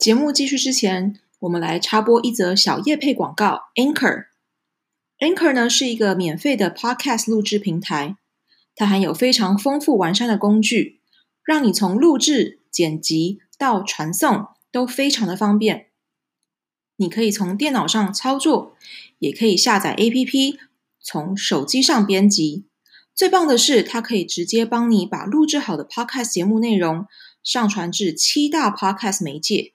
節目繼續之前，我們來插播一則小業配廣告。Anchor Anchor 呢是一個免費的 Podcast 錄製平台，它含有非常豐富完善的工具，讓你從錄製、剪輯到傳送都非常的方便。你可以從電腦上操作，也可以下載 APP 從手機上編輯。最棒的是，它可以直接幫你把錄製好的 Podcast 節目內容上傳至七大 Podcast 媒介。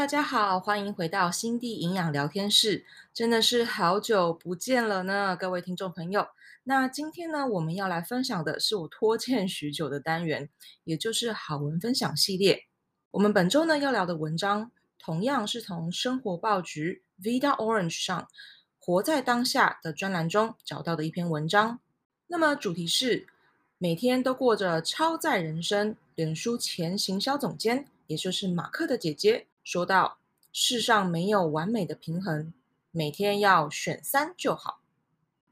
大家好，歡迎回到辛蒂營養聊天室，真的是好久不見了呢，各位聽眾朋友。那今天呢，我們要來分享的是我拖欠許久的單元，也就是好文分享系列。我們本周呢要聊的文章，同樣是從生活報橘 Vida Orange 上“活在當下”的專欄中找到的一篇文章。那麼主題是：每天都過着超載人生。臉書前行銷總監，也就是馬克的姐姐，說到世上沒有完美的平衡，每天要選三就好。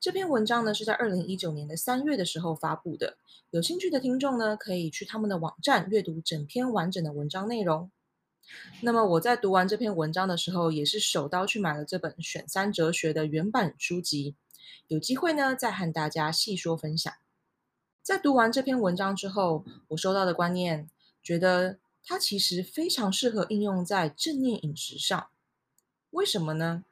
這篇文章呢，是在二零一九年的三月的時候發布的。有興趣的聽眾呢，可以去他們的網站閱讀整篇完整的文章內容。那麼我在讀完這篇文章的時候，也是手刀去買了這本《選三哲學》的原版書籍。有機會呢，再和大家細說分享。在讀完這篇文章之後，我收到的觀念，覺得。它其實非常適合應用在正念飲食上，為什麼呢？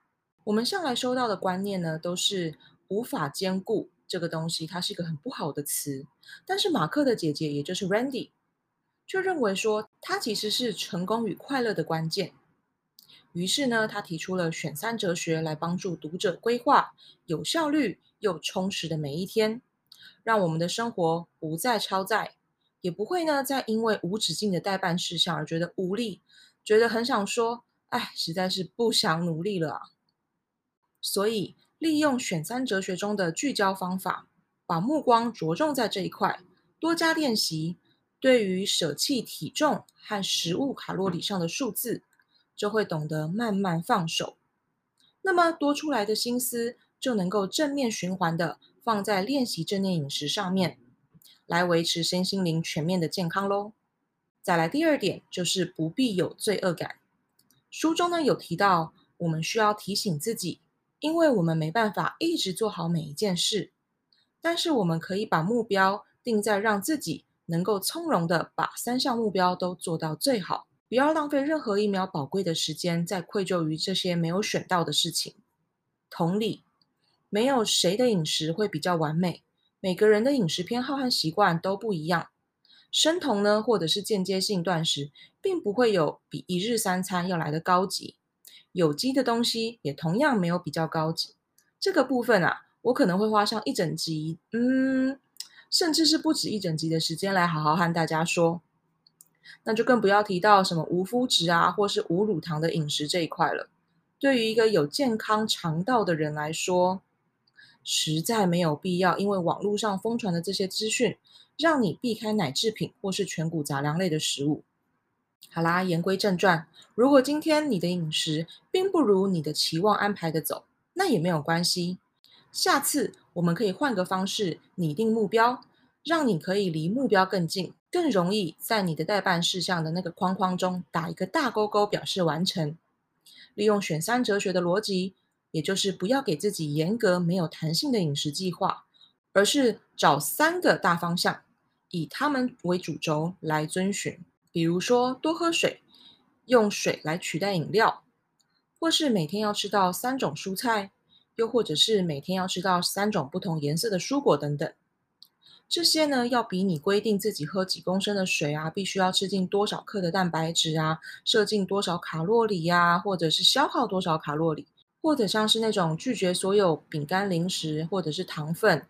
我們向來收到的觀念呢，都是無法兼顧這個東西，它是一個很不好的詞。但是馬克的姐姐，也就是 Randi，卻認為說，它其實是成功與快樂的關鍵。於是呢，他提出了選三哲學來幫助讀者規劃有效率又充實的每一天，讓我們的生活不再超載。也不會呢，再因為無止境的待辦事項而覺得無力，覺得很想說：“哎，實在是不想努力了。”所以，利用選三哲學中的聚焦方法，把目光着重在這一塊，多加練習。對於捨棄體重和食物卡路里上的數字，就會懂得慢慢放手。那麼多出來的心思，就能夠正面循環的放在練習正念飲食上面。來維持身心靈全面的健康嘍。再來第二點，就是不必有罪惡感。書中呢有提到，我們需要提醒自己，因為我們沒辦法一直做好每一件事，但是我們可以把目標定在讓自己能夠從容地把三項目標都做到最好，不要浪費任何一秒寶貴的時間在愧疚於這些沒有選到的事情。同理，沒有誰的飲食會比較完美。每個人的飲食偏好和習慣都不一樣，生酮呢，或者是間接性斷食，並不會有比一日三餐要來得高級。有機的東西也同樣沒有比較高級。這個部分啊，我可能會花上一整集，嗯，甚至是不止一整集的時間來好好和大家說。那就更不要提到什麼無麩質啊，或是無乳糖的飲食這一塊了。對於一個有健康腸道的人來說，實在沒有必要，因為網絡上瘋傳的這些資訊，讓你避開奶制品或是全穀雜糧類的食物。好啦，言歸正傳，如果今天你的飲食並不如你的期望安排的走，那也沒有關係。下次我們可以換個方式擬定目標，讓你可以離目標更近，更容易在你的待辦事項的那個框框中打一個大勾勾，表示完成。利用選三哲學的邏輯。也就是不要給自己嚴格沒有彈性的飲食計劃，而是找三個大方向，以它們為主軸來遵循。比如說多喝水，用水來取代飲料；或是每天要吃到三種蔬菜，又或者是每天要吃到三種不同顏色的蔬果等等。這些呢，要比你規定自己喝幾公升的水啊，必須要吃進多少克的蛋白質啊，攝進多少卡路里啊，或者是消耗多少卡路里。或者像是那種拒絕所有餅乾零食，或者是糖分，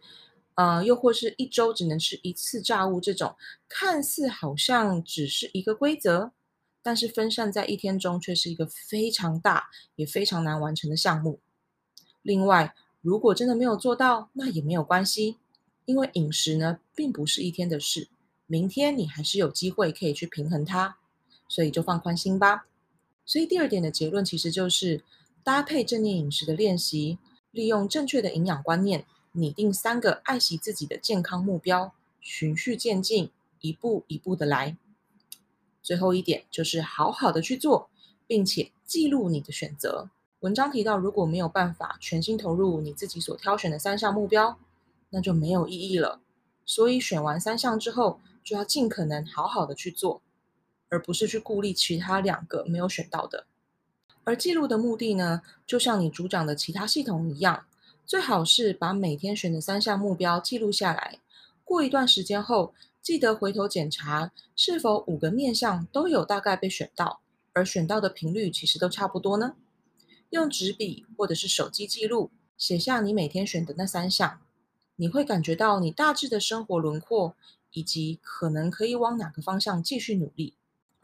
呃，又或是一周只能吃一次炸物這種，看似好像只是一個規則，但是分散在一天中卻是一個非常大也非常難完成的項目。另外，如果真的沒有做到，那也沒有關係，因為飲食呢，並不是一天的事，明天你還是有機會可以去平衡它，所以就放寬心吧。所以第二點的結論其實就是，搭配正念飲食的練習，利用正確的營養觀念，擬定三個愛惜自己的健康目標，循序漸進，一步一步的來。最後一點就是好好的去做，並且記錄你的選擇。文章提到，如果沒有辦法全心投入你自己所挑選的三項目標，那就沒有意義了。所以選完三項之後，就要盡可能好好的去做，而不是去顧慮其他兩個沒有選到的。而記錄的目的呢，就像你組長的其他系統一樣，最好是把每天選的三項目標記錄下來。過一段時間後，記得回頭檢查是否五個面向都有大概被選到，而選到的頻率其實都差不多呢。用紙筆或者是手機記錄，寫下你每天選的那三項，你會感覺到你大致的生活輪廓，以及可能可以往哪個方向繼續努力。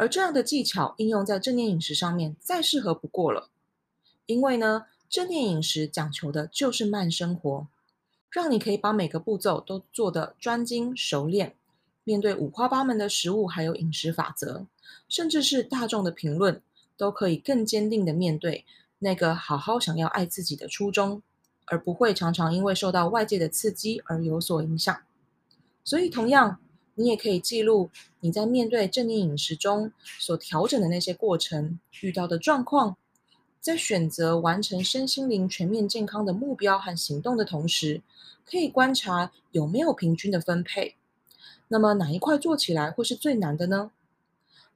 而這樣的技巧應用在正念飲食上面，再適合不過了。因為呢，正念飲食講求的就是慢生活，讓你可以把每個步驟都做得專精熟練。面對五花八門的食物，還有飲食法則，甚至是大眾的評論，都可以更堅定的面對那個好好想要愛自己的初衷，而不會常常因為受到外界的刺激而有所影響。所以，同樣。你也可以記錄你在面對正念飲食中所調整的那些過程，遇到的狀況。在選擇完成身心靈全面健康的目標和行動的同時，可以觀察有沒有平均的分配。那麼哪一塊做起來會是最難的呢？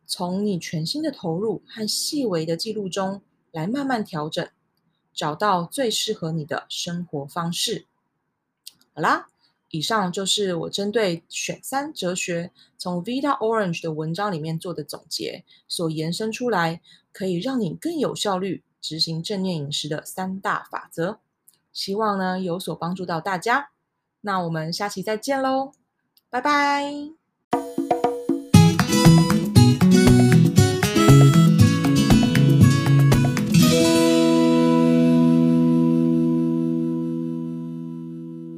從你全心的投入和細微的記錄中來慢慢調整，找到最適合你的生活方式。好啦。以上就是我針對選三哲學從 Vida Orange 的文章裡面做的總結，所延伸出來可以讓你更有效率執行正念飲食的三大法則。希望呢有所幫助到大家。那我們下期再見嘍，拜拜。